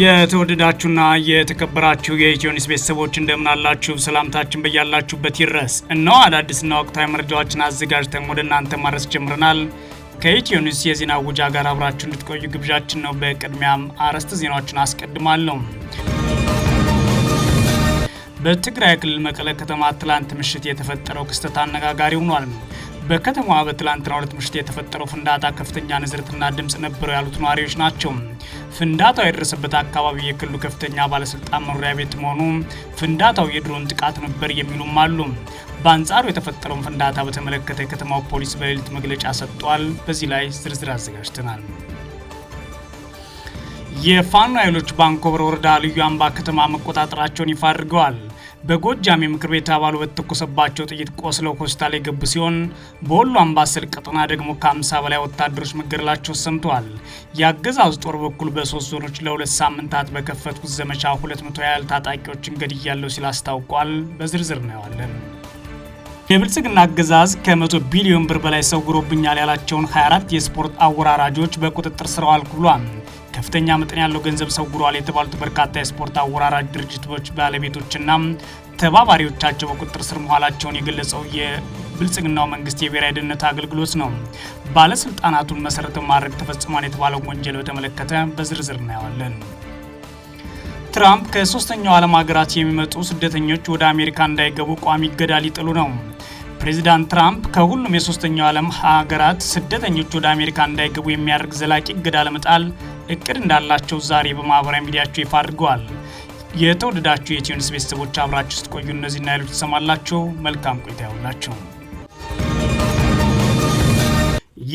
የተወደዳችሁና የተከበራችሁ የኢትዮኒስ ቤተሰቦች እንደምናላችሁ ሰላምታችን በያላችሁበት ይድረስ። እነሆ አዳዲስና ወቅታዊ መረጃዎችን አዘጋጅተን ወደ እናንተ ማድረስ ጀምረናል። ከኢትዮኒስ የዜና ውጃ ጋር አብራችሁ እንድትቆዩ ግብዣችን ነው። በቅድሚያም አርዕስተ ዜናዎችን አስቀድማለሁ። በትግራይ ክልል መቀለ ከተማ ትላንት ምሽት የተፈጠረው ክስተት አነጋጋሪ ሆኗል። በከተማዋ በትላንትና ሁለት ምሽት የተፈጠረው ፍንዳታ ከፍተኛ ንዝርትና ድምፅ ነበረው ያሉት ነዋሪዎች ናቸው። ፍንዳታው የደረሰበት አካባቢ የክልሉ ከፍተኛ ባለስልጣን መኖሪያ ቤት መሆኑ ፍንዳታው የድሮን ጥቃት ነበር የሚሉም አሉ። በአንጻሩ የተፈጠረውን ፍንዳታ በተመለከተ የከተማው ፖሊስ በሌሊት መግለጫ ሰጥቷል። በዚህ ላይ ዝርዝር አዘጋጅተናል። የፋኖ ኃይሎች ባንኮበር ወረዳ ልዩ አምባ ከተማ መቆጣጠራቸውን ይፋ አድርገዋል። በጎጃም የምክር ቤት አባሉ በተተኮሰባቸው ጥይት ቆስለው ሆስፒታል የገቡ ሲሆን በወሎ አምባሰል ቀጠና ደግሞ ከ50 በላይ ወታደሮች መገደላቸው ሰምተዋል። የአገዛዙ ጦር በኩል በሶስት ዞኖች ለሁለት ሳምንታት በከፈትኩት ዘመቻ 200 ያህል ታጣቂዎችን ገድያለሁ ሲል አስታውቋል። በዝርዝር እናየዋለን። የብልጽግና አገዛዝ ከመቶ ቢሊዮን ብር በላይ ሰውሮብኛል ያላቸውን 24 የስፖርት አወራራጆች በቁጥጥር ስር አዋልኩ ብሏል። ከፍተኛ መጠን ያለው ገንዘብ ሰውሯል የተባሉት በርካታ የስፖርት አወራራጅ ድርጅቶች ባለቤቶችና ተባባሪዎቻቸው በቁጥጥር ስር መዋላቸውን የገለጸው የብልጽግናው መንግስት የብሔራዊ ደህንነት አገልግሎት ነው። ባለስልጣናቱን መሰረተ ማድረግ ተፈጽሟል የተባለውን ወንጀል በተመለከተ በዝርዝር እናየዋለን። ትራምፕ ከሶስተኛው ዓለም ሀገራት የሚመጡ ስደተኞች ወደ አሜሪካ እንዳይገቡ ቋሚ እገዳ ሊጥሉ ነው። ፕሬዚዳንት ትራምፕ ከሁሉም የሶስተኛው ዓለም ሀገራት ስደተኞች ወደ አሜሪካ እንዳይገቡ የሚያደርግ ዘላቂ እገዳ ለመጣል እቅድ እንዳላቸው ዛሬ በማህበራዊ ሚዲያቸው ይፋ አድርገዋል። የተወደዳችሁ የኢትዮ ኒውስ ቤተሰቦች አብራችሁ ስትቆዩ እነዚህና ሌሎች ትሰማላችሁ። መልካም ቆይታ ይሁንላችሁ።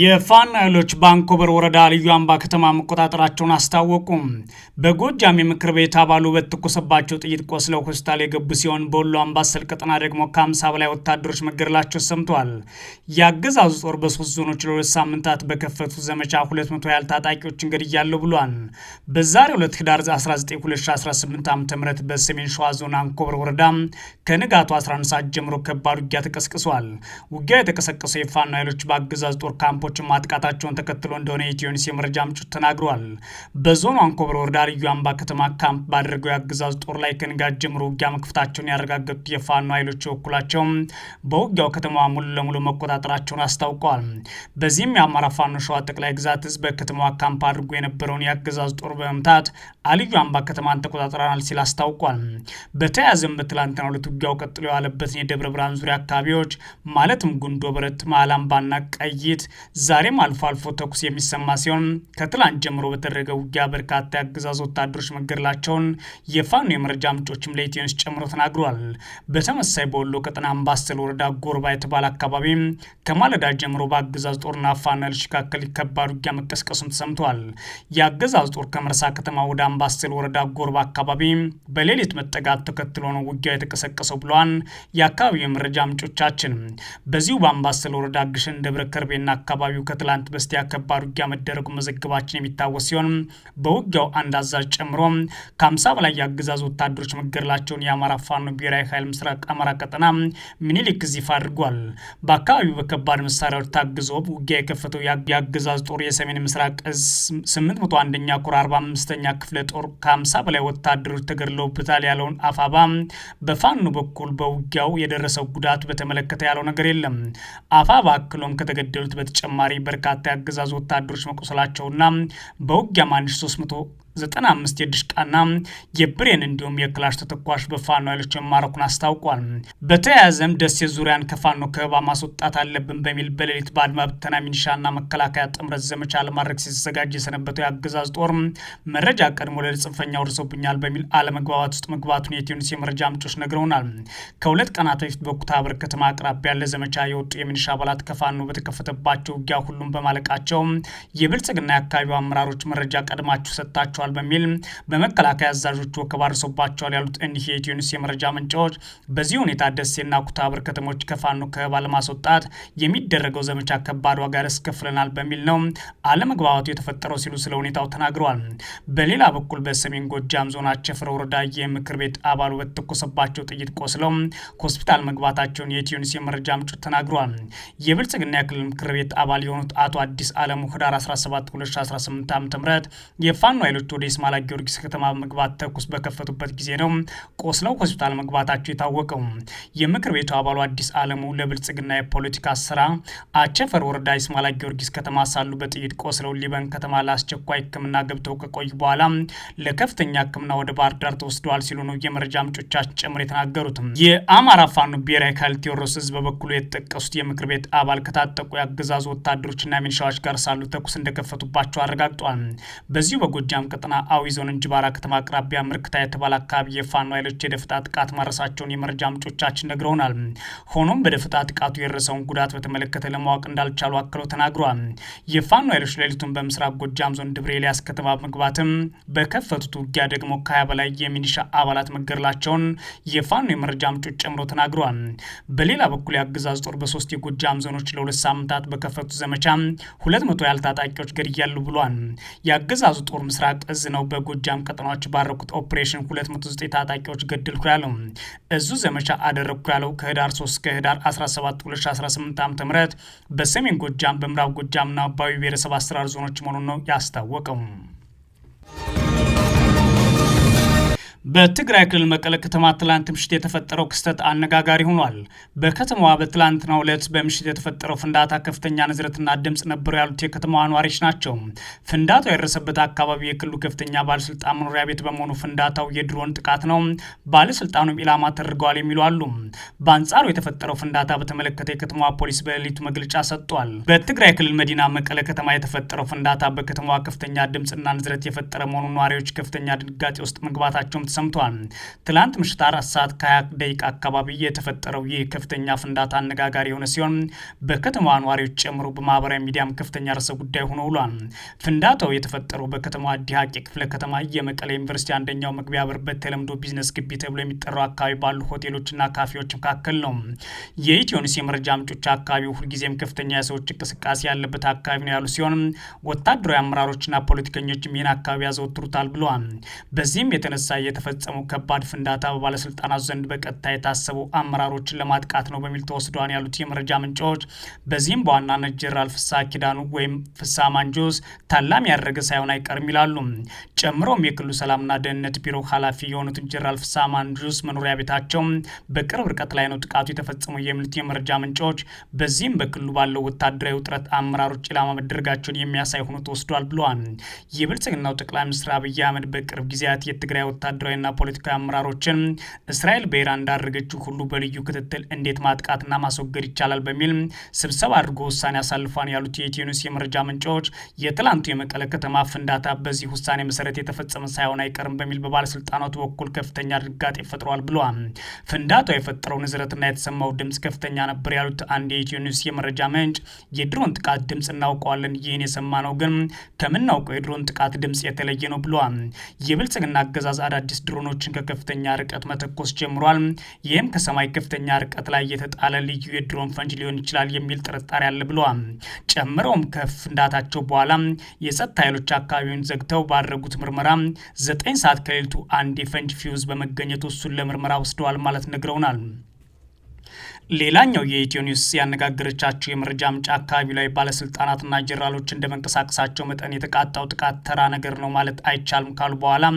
የፋኖ ኃይሎች ባንኮበር ወረዳ ልዩ አምባ ከተማ መቆጣጠራቸውን አስታወቁም። በጎጃም የምክር ቤት አባሉ በተኮሰባቸው ጥይት ቆስለው ሆስፒታል የገቡ ሲሆን በወሎ አምባሰል ቀጠና ደግሞ ከአምሳ በላይ ወታደሮች መገደላቸው ሰምተዋል። የአገዛዙ ጦር በሶስት ዞኖች ለሁለት ሳምንታት በከፈቱ ዘመቻ 200 ያህል ታጣቂዎችን ገድያለሁ ብሏል። በዛሬው ዕለት ህዳር 19 2018 ዓ ም በሰሜን ሸዋ ዞን አንኮበር ወረዳ ከንጋቱ 11 ሰዓት ጀምሮ ከባድ ውጊያ ተቀስቅሷል። ውጊያ የተቀሰቀሰው የፋኖ ኃይሎች በአገዛዙ ጦር ካምፖ ካምፖችን ማጥቃታቸውን ተከትሎ እንደሆነ የኢትዮኒስ የመረጃ ምንጮች ተናግረዋል። በዞኑ አንኮበር ወረዳ ልዩ አምባ ከተማ ካምፕ ባደረገው የአገዛዝ ጦር ላይ ከንጋት ጀምሮ ውጊያ መክፈታቸውን ያረጋገጡት የፋኖ ኃይሎች በበኩላቸው በውጊያው ከተማዋ ሙሉ ለሙሉ መቆጣጠራቸውን አስታውቀዋል። በዚህም የአማራ ፋኖ ሸዋ ጠቅላይ ግዛት ህዝብ በከተማዋ ካምፕ አድርጎ የነበረውን የአገዛዝ ጦር በመምታት አልዩ አምባ ከተማን ተቆጣጥረናል ሲል አስታውቋል። በተያያዘም በትላንትናው ሁለት ውጊያው ቀጥሎ የዋለበትን የደብረ ብርሃን ዙሪያ አካባቢዎች ማለትም ጉንዶ በረት፣ ማላምባና ቀይት ዛሬም አልፎ አልፎ ተኩስ የሚሰማ ሲሆን ከትላንት ጀምሮ በተደረገ ውጊያ በርካታ የአገዛዝ ወታደሮች መገደላቸውን የፋኖ የመረጃ ምንጮችም ለኢትዮንስ ጨምሮ ተናግሯል። በተመሳይ በወሎ ቀጠና አምባሰል ወረዳ ጎርባ የተባለ አካባቢ ከማለዳ ጀምሮ በአገዛዝ ጦርና ፋኖ ኃይሎች መካከል ከባድ ውጊያ መቀስቀሱም ተሰምቷል። የአገዛዝ ጦር ከመርሳ ከተማ ወደ አምባሰል ወረዳ ጎርባ አካባቢ በሌሊት መጠጋት ተከትሎ ነው ውጊያ የተቀሰቀሰው ብለዋል የአካባቢው የመረጃ ምንጮቻችን። በዚሁ በአምባሰል ወረዳ ግሸን ደብረ ከርቤና አካባቢ በአካባቢው ከትላንት በስቲያ ከባድ ውጊያ መደረጉ መዘግባችን የሚታወስ ሲሆን በውጊያው አንድ አዛዥ ጨምሮ ከአምሳ በላይ የአገዛዙ ወታደሮች መገደላቸውን የአማራ ፋኖ ብሔራዊ ኃይል ምስራቅ አማራ ቀጠና ሚኒሊክ ይፋ አድርጓል። በአካባቢው በከባድ መሳሪያዎች ታግዞ ውጊያ የከፈተው የአገዛዝ ጦር የሰሜን ምስራቅ እዝ 801ኛ ኮር 45ኛ ክፍለ ጦር ከ በላይ ወታደሮች ተገድለውበታል ያለውን አፋባ በፋኖ በኩል በውጊያው የደረሰው ጉዳት በተመለከተ ያለው ነገር የለም። አፋባ አክሎም ከተገደሉት በተጨማ በተጨማሪ በርካታ የአገዛዙ ወታደሮች መቆሰላቸውና በውጊያም 1300 95 የድሽቃና የብሬን እንዲሁም የክላሽ ተተኳሽ በፋኖ ኃይሎች መማረኩን አስታውቋል። በተያያዘም ደሴ ዙሪያን ከፋኖ ከበባ ማስወጣት አለብን በሚል በሌሊት በአድማ ብተና ሚኒሻና መከላከያ ጥምረት ዘመቻ ለማድረግ ሲዘጋጅ የሰነበተው የአገዛዝ ጦር መረጃ ቀድሞ ለጽንፈኛ ወርሶብኛል በሚል አለመግባባት ውስጥ መግባቱን የቲዩኒስ የመረጃ ምንጮች ነግረውናል። ከሁለት ቀናት በፊት በኩታብር ከተማ አቅራቢያ ለዘመቻ የወጡ የሚኒሻ አባላት ከፋኖ በተከፈተባቸው ውጊያ ሁሉም በማለቃቸው የብልጽግና የአካባቢው አመራሮች መረጃ ቀድማችሁ ሰጥታችኋል ተደርጓል በሚል በመከላከያ አዛዦቹ ወከባ ደርሶባቸዋል ያሉት እኒህ የኢትዮ ኒውስ የመረጃ ምንጫዎች በዚህ ሁኔታ ደሴና ኩታብር ከተሞች ከፋኖ ከበባ ለማስወጣት የሚደረገው ዘመቻ ከባድ ዋጋ ያስከፍለናል በሚል ነው አለመግባባቱ የተፈጠረው ሲሉ ስለ ሁኔታው ተናግረዋል። በሌላ በኩል በሰሜን ጎጃም ዞን አቸፈር ወረዳ የምክር ቤት አባሉ ተኮሰባቸው ጥይት ቆስለው ሆስፒታል መግባታቸውን የኢትዮ ኒውስ የመረጃ ምንጮች ተናግረዋል። የብልጽግና የክልል ምክር ቤት አባል የሆኑት አቶ አዲስ አለሙ ህዳር 17 2018 ዓ ም የፋኖ ኃይሎች ወደ ይስማላ ጊዮርጊስ ከተማ በመግባት ተኩስ በከፈቱበት ጊዜ ነው ቆስለው ሆስፒታል መግባታቸው የታወቀው። የምክር ቤቱ አባሉ አዲስ አለሙ ለብልጽግና የፖለቲካ ስራ አቸፈር ወረዳ ስማላ ጊዮርጊስ ከተማ ሳሉ በጥይት ቆስለው ሊበን ከተማ ለአስቸኳይ ሕክምና ገብተው ከቆዩ በኋላ ለከፍተኛ ሕክምና ወደ ባህር ዳር ተወስደዋል ሲሉ ነው የመረጃ ምንጮቻችን ጭምር የተናገሩት። የአማራ ፋኖ ብሔራዊ ኃይል ቴዎድሮስ ህዝብ በበኩሉ የተጠቀሱት የምክር ቤት አባል ከታጠቁ የአገዛዙ ወታደሮችና ሚኒሻዎች ጋር ሳሉ ተኩስ እንደከፈቱባቸው አረጋግጧል። በዚሁ በጎጃም ቀጠና ቀጠና አዊ ዞን እንጅባራ ከተማ አቅራቢያ ምርክታ የተባለ አካባቢ የፋኖ ኃይሎች የደፈጣ ጥቃት ማረሳቸውን የመረጃ ምንጮቻችን ነግረውናል። ሆኖም በደፈጣ ጥቃቱ የደረሰውን ጉዳት በተመለከተ ለማወቅ እንዳልቻሉ አክለው ተናግረዋል። የፋኖ ኃይሎች ሌሊቱን በምስራቅ ጎጃም ዞን ደብረ ኤልያስ ከተማ መግባትም በከፈቱት ውጊያ ደግሞ ከሀያ በላይ የሚኒሻ አባላት መገደላቸውን የፋኖ የመረጃ ምንጮች ጨምሮ ተናግረዋል። በሌላ በኩል የአገዛዝ ጦር በሶስት የጎጃም ዞኖች ለሁለት ሳምንታት በከፈቱት ዘመቻ ሁለት መቶ ያህል ታጣቂዎች ገድያሉ ብሏል። የአገዛዙ ጦር ምስራቅ እዝ ነው በጎጃም ቀጠናዎች ባረኩት ኦፕሬሽን 209 ታጣቂዎች ገድልኩ ያለው እዙ ዘመቻ አደረግኩ ያለው ከህዳር 3 ከህዳር 17 2018 ዓ ም በሰሜን ጎጃም በምዕራብ ጎጃምና አባዊ ብሔረሰብ አስራር ዞኖች መሆኑን ነው ያስታወቀው። በትግራይ ክልል መቀለ ከተማ ትላንት ምሽት የተፈጠረው ክስተት አነጋጋሪ ሆኗል። በከተማዋ በትላንትናው ዕለት በምሽት የተፈጠረው ፍንዳታ ከፍተኛ ንዝረትና ድምፅ ነበሩ ያሉት የከተማዋ ነዋሪዎች ናቸው። ፍንዳታው የደረሰበት አካባቢ የክልሉ ከፍተኛ ባለስልጣን መኖሪያ ቤት በመሆኑ ፍንዳታው የድሮን ጥቃት ነው፣ ባለስልጣኑም ኢላማ ተደርገዋል የሚሉ አሉ። በአንጻሩ የተፈጠረው ፍንዳታ በተመለከተ የከተማዋ ፖሊስ በሌሊቱ መግለጫ ሰጥቷል። በትግራይ ክልል መዲና መቀለ ከተማ የተፈጠረው ፍንዳታ በከተማዋ ከፍተኛ ድምፅና ንዝረት የፈጠረ መሆኑ ነዋሪዎች ከፍተኛ ድንጋጤ ውስጥ መግባታቸውም ተሰምቷል። ትላንት ምሽት አራት ሰዓት ከሀያ ደቂቃ አካባቢ የተፈጠረው ይህ ከፍተኛ ፍንዳታ አነጋጋሪ የሆነ ሲሆን በከተማዋ ነዋሪዎች ጨምሮ በማህበራዊ ሚዲያም ከፍተኛ ርዕሰ ጉዳይ ሆኖ ውሏል። ፍንዳታው የተፈጠረው በከተማዋ ዲሃቂ ክፍለ ከተማ የመቀለ ዩኒቨርሲቲ አንደኛው መግቢያ በር በተለምዶ ቢዝነስ ግቢ ተብሎ የሚጠራው አካባቢ ባሉ ሆቴሎችና ካፌዎች መካከል ነው። የኢትዮኒስ የመረጃ ምንጮች አካባቢው ሁልጊዜም ከፍተኛ የሰዎች እንቅስቃሴ ያለበት አካባቢ ነው ያሉ ሲሆን ወታደራዊ አመራሮችና ፖለቲከኞችም ይህን አካባቢ ያዘወትሩታል ብለዋል። በዚህም የተነሳ የተፈጸመው ከባድ ፍንዳታ በባለስልጣናት ዘንድ በቀጥታ የታሰቡ አመራሮችን ለማጥቃት ነው በሚል ተወስዷን ያሉት የመረጃ ምንጮች በዚህም በዋናነት ጀነራል ፍሳ ኪዳኑ ወይም ፍሳ ማንጆስ ታላሚ ያደረገ ሳይሆን አይቀርም ይላሉ። ጨምሮም የክልሉ ሰላምና ደህንነት ቢሮ ኃላፊ የሆኑትን ጀነራል ፍሳ ማንጆስ መኖሪያ ቤታቸው በቅርብ ርቀት ላይ ነው ጥቃቱ የተፈጸመው የሚሉት የመረጃ ምንጮች በዚህም በክልሉ ባለው ወታደራዊ ውጥረት አመራሮች ኢላማ መደረጋቸውን የሚያሳይ ሆኖ ተወስዷል ብለዋል። የብልጽግናው ጠቅላይ ሚኒስትር አብይ አህመድ በቅርብ ጊዜያት የትግራይ ወታደራዊ ወታደራዊና ፖለቲካዊ አመራሮችን እስራኤል በኢራን እንዳደረገችው ሁሉ በልዩ ክትትል እንዴት ማጥቃትና ማስወገድ ይቻላል በሚል ስብሰባ አድርጎ ውሳኔ አሳልፏን ያሉት የኢትዮኒውስ የመረጃ ምንጮች የትላንቱ የመቀለ ከተማ ፍንዳታ በዚህ ውሳኔ መሰረት የተፈጸመ ሳይሆን አይቀርም በሚል በባለስልጣናቱ በኩል ከፍተኛ ድጋጤ ፈጥረዋል ብለዋል። ፍንዳታው የፈጠረው ንዝረትና የተሰማው ድምፅ ከፍተኛ ነበር ያሉት አንድ የኢትዮኒስ የመረጃ ምንጭ የድሮን ጥቃት ድምፅ እናውቀዋለን፣ ይህን ነው ግን ከምናውቀው የድሮን ጥቃት ድምፅ የተለየ ነው ብለዋል። የብልጽግና አገዛዝ አዳዲስ አዳዲስ ድሮኖችን ከከፍተኛ ርቀት መተኮስ ጀምሯል። ይህም ከሰማይ ከፍተኛ ርቀት ላይ የተጣለ ልዩ የድሮን ፈንጅ ሊሆን ይችላል የሚል ጥርጣሬ አለ ብለዋል። ጨምረውም ከፍንዳታቸው በኋላ የጸጥታ ኃይሎች አካባቢውን ዘግተው ባደረጉት ምርመራ ዘጠኝ ሰዓት ከሌሊቱ አንድ የፈንጅ ፊውዝ በመገኘቱ እሱን ለምርመራ ወስደዋል ማለት ነግረውናል። ሌላኛው የኢትዮ ኒውስ ያነጋገረቻቸው የመረጃ ምንጭ አካባቢ ላይ ባለስልጣናትና ጀራሎች እንደ መንቀሳቀሳቸው መጠን የተቃጣው ጥቃት ተራ ነገር ነው ማለት አይቻልም ካሉ በኋላ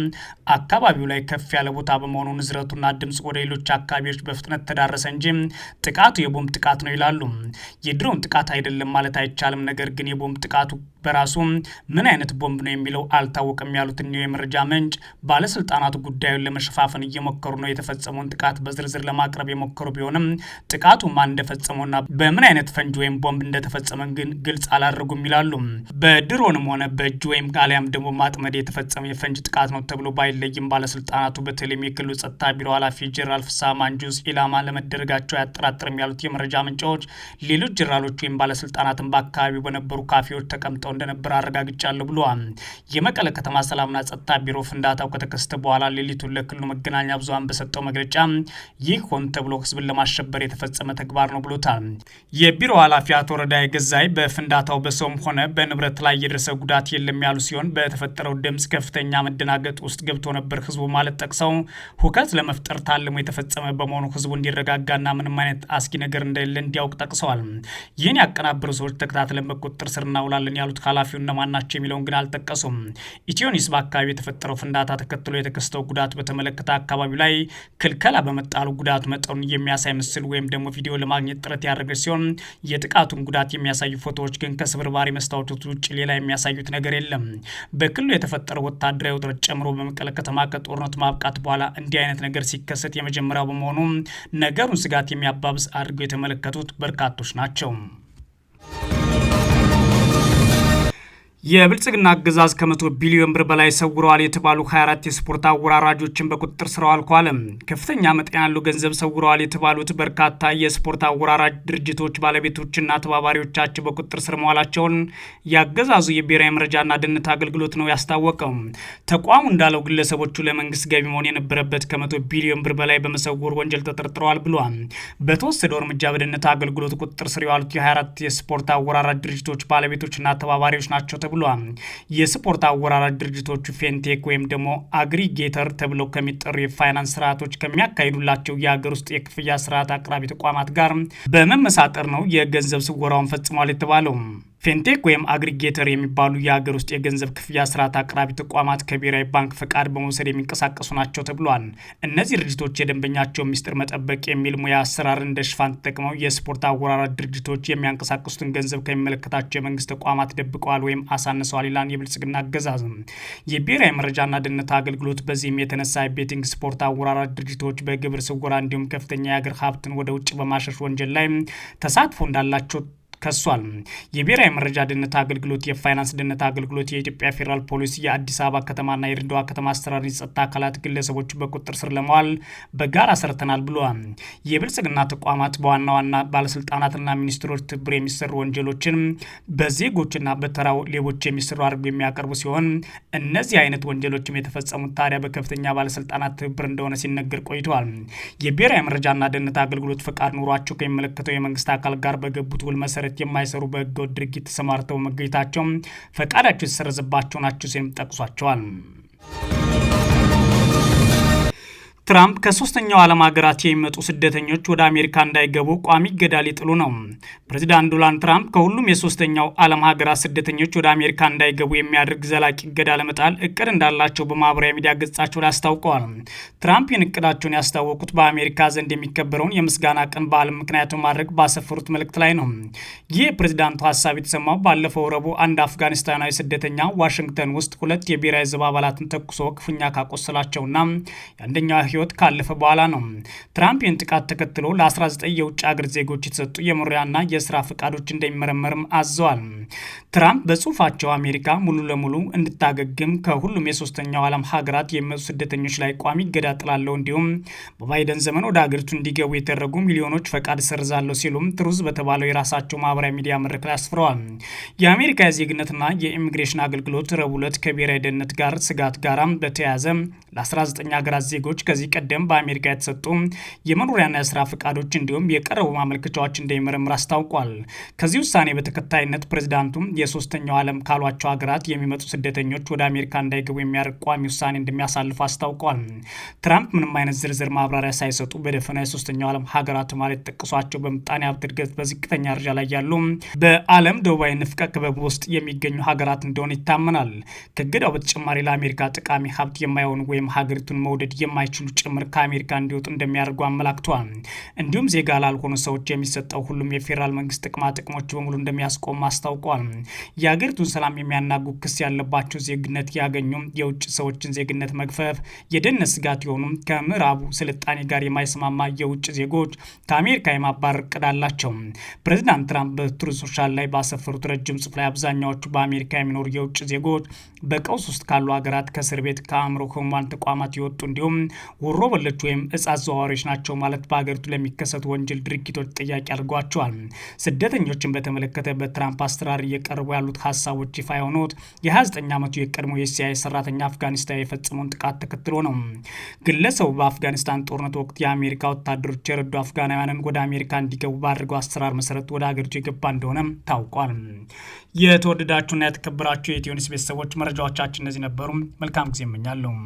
አካባቢው ላይ ከፍ ያለ ቦታ በመሆኑ ንዝረቱና ድምፅ ወደ ሌሎች አካባቢዎች በፍጥነት ተዳረሰ እንጂ ጥቃቱ የቦምብ ጥቃት ነው ይላሉ። የድሮን ጥቃት አይደለም ማለት አይቻልም፣ ነገር ግን የቦምብ ጥቃቱ በራሱ ምን አይነት ቦምብ ነው የሚለው አልታወቅም ያሉት እኒው የመረጃ ምንጭ ባለስልጣናቱ ጉዳዩን ለመሸፋፈን እየሞከሩ ነው፣ የተፈጸመውን ጥቃት በዝርዝር ለማቅረብ የሞከሩ ቢሆንም ጥቃቱ ማን እንደፈጸመውና በምን አይነት ፈንጅ ወይም ቦምብ እንደተፈጸመ ግን ግልጽ አላደረጉም ይላሉ። በድሮንም ሆነ በእጅ ወይም አሊያም ደግሞ ማጥመድ የተፈጸመ የፈንጅ ጥቃት ነው ተብሎ ባይለይም ባለስልጣናቱ በተለይም የክልሉ ጸጥታ ቢሮ ኃላፊ ጀነራል ፍሳ ማንጁስ ኢላማ ለመደረጋቸው አያጠራጥርም ያሉት የመረጃ ምንጫዎች ሌሎች ጀነራሎች ወይም ባለስልጣናትን በአካባቢው በነበሩ ካፌዎች ተቀምጠው እንደነበር አረጋግጫለሁ ብለዋል። የመቀለ ከተማ ሰላምና ጸጥታ ቢሮ ፍንዳታው ከተከሰተ በኋላ ሌሊቱን ለክልሉ መገናኛ ብዙሀን በሰጠው መግለጫ ይህ ሆን ተብሎ ህዝብን ለማሸበር የተፈ የተፈጸመ ተግባር ነው ብሎታል። የቢሮ ኃላፊ አቶ ረዳይ ገዛይ በፍንዳታው በሰውም ሆነ በንብረት ላይ የደረሰ ጉዳት የለም ያሉ ሲሆን በተፈጠረው ድምፅ ከፍተኛ መደናገጥ ውስጥ ገብቶ ነበር ህዝቡ ማለት ጠቅሰው ሁከት ለመፍጠር ታልሞ የተፈጸመ በመሆኑ ህዝቡ እንዲረጋጋና ምንም አይነት አስጊ ነገር እንደሌለ እንዲያውቅ ጠቅሰዋል። ይህን ያቀናበሩ ሰዎች ተከታትለን በቁጥጥር ስር እናውላለን ያሉት ኃላፊው እነማን ናቸው የሚለውን ግን አልጠቀሱም። ኢትዮኒስ በአካባቢ የተፈጠረው ፍንዳታ ተከትሎ የተከሰተው ጉዳት በተመለከተ አካባቢው ላይ ክልከላ በመጣሉ ጉዳት መጠኑን የሚያሳይ ምስል ወይም ደግሞ ቪዲዮ ለማግኘት ጥረት ያደረገች ሲሆን የጥቃቱን ጉዳት የሚያሳዩ ፎቶዎች ግን ከስብርባሪ መስታወቶች ውጭ ሌላ የሚያሳዩት ነገር የለም። በክልሉ የተፈጠረው ወታደራዊ ውጥረት ጨምሮ በመቀለ ከተማ ከጦርነት ማብቃት በኋላ እንዲህ አይነት ነገር ሲከሰት የመጀመሪያው በመሆኑ ነገሩን ስጋት የሚያባብስ አድርገው የተመለከቱት በርካቶች ናቸው። የብልጽግና አገዛዝ ከመቶ ቢሊዮን ብር በላይ ሰውረዋል የተባሉ 24 የስፖርት አወራራጆችን በቁጥጥር ስር አውሏል። ከፍተኛ መጠን ያለው ገንዘብ ሰውረዋል የተባሉት በርካታ የስፖርት አወራራጅ ድርጅቶች ባለቤቶችና ተባባሪዎቻቸው በቁጥጥር ስር መዋላቸውን ያገዛዙ የብሔራዊ መረጃና ደህንነት አገልግሎት ነው ያስታወቀው። ተቋሙ እንዳለው ግለሰቦቹ ለመንግስት ገቢ መሆን የነበረበት ከመቶ ቢሊዮን ብር በላይ በመሰወር ወንጀል ተጠርጥረዋል ብሏል። በተወሰደው እርምጃ በደህንነት አገልግሎት ቁጥጥር ስር የዋሉት የ24 የስፖርት አወራራጅ ድርጅቶች ባለቤቶችና ተባባሪዎች ናቸው ተብሏል። የስፖርት አወራራጅ ድርጅቶቹ ፌንቴክ ወይም ደግሞ አግሪጌተር ተብለው ከሚጠሩ የፋይናንስ ስርዓቶች ከሚያካሂዱላቸው የሀገር ውስጥ የክፍያ ስርዓት አቅራቢ ተቋማት ጋር በመመሳጠር ነው የገንዘብ ስወራውን ፈጽሟል የተባለው። ፌንቴክ ወይም አግሪጌተር የሚባሉ የሀገር ውስጥ የገንዘብ ክፍያ ስርዓት አቅራቢ ተቋማት ከብሔራዊ ባንክ ፈቃድ በመውሰድ የሚንቀሳቀሱ ናቸው ተብሏል። እነዚህ ድርጅቶች የደንበኛቸው ሚስጥር መጠበቅ የሚል ሙያ አሰራር እንደ ሽፋን ተጠቅመው የስፖርት አወራራት ድርጅቶች የሚያንቀሳቅሱትን ገንዘብ ከሚመለከታቸው የመንግስት ተቋማት ደብቀዋል ወይም አሳንሰዋል ይላል የብልጽግና አገዛዝ። የብሔራዊ መረጃና ደህንነት አገልግሎት በዚህም የተነሳ የቤቲንግ ስፖርት አወራራት ድርጅቶች በግብር ስወራ እንዲሁም ከፍተኛ የአገር ሀብትን ወደ ውጭ በማሸሽ ወንጀል ላይ ተሳትፎ እንዳላቸው ከሷል። የብሔራዊ መረጃ ደህንነት አገልግሎት፣ የፋይናንስ ደህንነት አገልግሎት፣ የኢትዮጵያ ፌዴራል ፖሊስ፣ የአዲስ አበባ ከተማና የድሬዳዋ ከተማ አስተዳደር የጸጥታ አካላት ግለሰቦች በቁጥጥር ስር ለመዋል በጋራ ሰርተናል ብሏል። የብልጽግና ተቋማት በዋና ዋና ባለስልጣናትና ሚኒስትሮች ትብብር የሚሰሩ ወንጀሎችን በዜጎችና በተራው ሌቦች የሚሰሩ አድርጎ የሚያቀርቡ ሲሆን እነዚህ አይነት ወንጀሎችም የተፈጸሙት ታዲያ በከፍተኛ ባለስልጣናት ትብብር እንደሆነ ሲነገር ቆይተዋል። የብሔራዊ መረጃና ደህንነት አገልግሎት ፈቃድ ኑሯቸው ከሚመለከተው የመንግስት አካል ጋር በገቡት ውል መሰረት በመስጠት የማይሰሩ በህገወጥ ድርጊት ተሰማርተው መገኘታቸው ፈቃዳቸው የተሰረዘባቸው ናቸው ሲልም ጠቅሷቸዋል። ትራምፕ ከሶስተኛው ዓለም ሀገራት የሚመጡ ስደተኞች ወደ አሜሪካ እንዳይገቡ ቋሚ እገዳ ሊጥሉ ነው። ፕሬዚዳንት ዶናልድ ትራምፕ ከሁሉም የሶስተኛው ዓለም ሀገራት ስደተኞች ወደ አሜሪካ እንዳይገቡ የሚያደርግ ዘላቂ እገዳ ለመጣል እቅድ እንዳላቸው በማህበራዊ ሚዲያ ገጻቸው ላይ አስታውቀዋል። ትራምፕ ይህን እቅዳቸውን ያስታወቁት በአሜሪካ ዘንድ የሚከበረውን የምስጋና ቀን በዓል ምክንያት በማድረግ ባሰፈሩት መልእክት ላይ ነው። ይህ የፕሬዚዳንቱ ሀሳብ የተሰማው ባለፈው ረቡዕ አንድ አፍጋኒስታናዊ ስደተኛ ዋሽንግተን ውስጥ ሁለት የብሔራዊ ዘብ አባላትን ተኩሶ ክፉኛ ካቆሰላቸውና የአንደኛዋ ህይወት ካለፈ በኋላ ነው። ትራምፕ ይህን ጥቃት ተከትሎ ለ19 የውጭ ሀገር ዜጎች የተሰጡ የመኖሪያና የስራ ፈቃዶች እንደሚመረመርም አዘዋል። ትራምፕ በጽሁፋቸው አሜሪካ ሙሉ ለሙሉ እንድታገግም ከሁሉም የሶስተኛው ዓለም ሀገራት የሚመጡ ስደተኞች ላይ ቋሚ እገዳ እንዲሁም በባይደን ዘመን ወደ ሀገሪቱ እንዲገቡ የተደረጉ ሚሊዮኖች ፈቃድ ሰርዛለሁ ሲሉም ትሩዝ በተባለው የራሳቸው ማህበራዊ ሚዲያ መድረክ ላይ አስፍረዋል። የአሜሪካ የዜግነትና የኢሚግሬሽን አገልግሎት ረቡዕ ዕለት ከብሔራዊ ደህንነት ጋር ስጋት ጋራም በተያያዘ ለ19 ሀገራት ዜጎች ከዚህ ቀደም በአሜሪካ የተሰጡ የመኖሪያና የስራ ፈቃዶች እንዲሁም የቀረቡ ማመልከቻዎች እንደሚመረምር አስታውቋል። ከዚህ ውሳኔ በተከታይነት ፕሬዚዳንቱ የሶስተኛው ዓለም ካሏቸው ሀገራት የሚመጡ ስደተኞች ወደ አሜሪካ እንዳይገቡ የሚያደርግ ቋሚ ውሳኔ እንደሚያሳልፉ አስታውቋል። ትራምፕ ምንም አይነት ዝርዝር ማብራሪያ ሳይሰጡ በደፈና የሶስተኛው ዓለም ሀገራት ማለት ጠቅሷቸው በምጣኔ ሀብት እድገት በዝቅተኛ ደረጃ ላይ ያሉ በዓለም ደቡባዊ ንፍቀ ክበብ ውስጥ የሚገኙ ሀገራት እንደሆነ ይታመናል። ከእገዳው በተጨማሪ ለአሜሪካ ጠቃሚ ሀብት የማይሆኑ ወይም ሀገሪቱን መውደድ የማይችሉ ዜጎች ጭምር ከአሜሪካ እንዲወጡ እንደሚያደርጉ አመላክተዋል። እንዲሁም ዜጋ ላልሆኑ ሰዎች የሚሰጠው ሁሉም የፌዴራል መንግስት ጥቅማ ጥቅሞች በሙሉ እንደሚያስቆም አስታውቀዋል። የሀገሪቱን ሰላም የሚያናጉ ክስ ያለባቸው ዜግነት ያገኙ የውጭ ሰዎችን ዜግነት መግፈፍ፣ የደህንነት ስጋት የሆኑ ከምዕራቡ ስልጣኔ ጋር የማይስማማ የውጭ ዜጎች ከአሜሪካ የማባረር እቅድ አላቸው። ፕሬዚዳንት ትራምፕ በትሩ ሶሻል ላይ ባሰፈሩት ረጅም ጽሑፍ ላይ አብዛኛዎቹ በአሜሪካ የሚኖሩ የውጭ ዜጎች በቀውስ ውስጥ ካሉ ሀገራት ከእስር ቤት ከአእምሮ ህሙማን ተቋማት የወጡ እንዲሁም ወሮ በሎች ወይም እጽ አዘዋዋሪዎች ናቸው ማለት በሀገሪቱ ለሚከሰቱ ወንጀል ድርጊቶች ጥያቄ አድርጓቸዋል። ስደተኞችን በተመለከተ በትራምፕ አስተራር እየቀረቡ ያሉት ሀሳቦች ይፋ የሆኑት የ29 ዓመቱ የቀድሞ የሲአይኤ ሰራተኛ አፍጋኒስታን የፈጸመውን ጥቃት ተከትሎ ነው። ግለሰቡ በአፍጋኒስታን ጦርነት ወቅት የአሜሪካ ወታደሮች የረዱ አፍጋናውያንን ወደ አሜሪካ እንዲገቡ ባድርገው አሰራር መሰረት ወደ ሀገሪቱ የገባ እንደሆነም ታውቋል። የተወደዳችሁና የተከበራችሁ የኢትዮኒስ ቤተሰቦች መረጃዎቻችን እነዚህ ነበሩ። መልካም ጊዜ እመኛለሁ።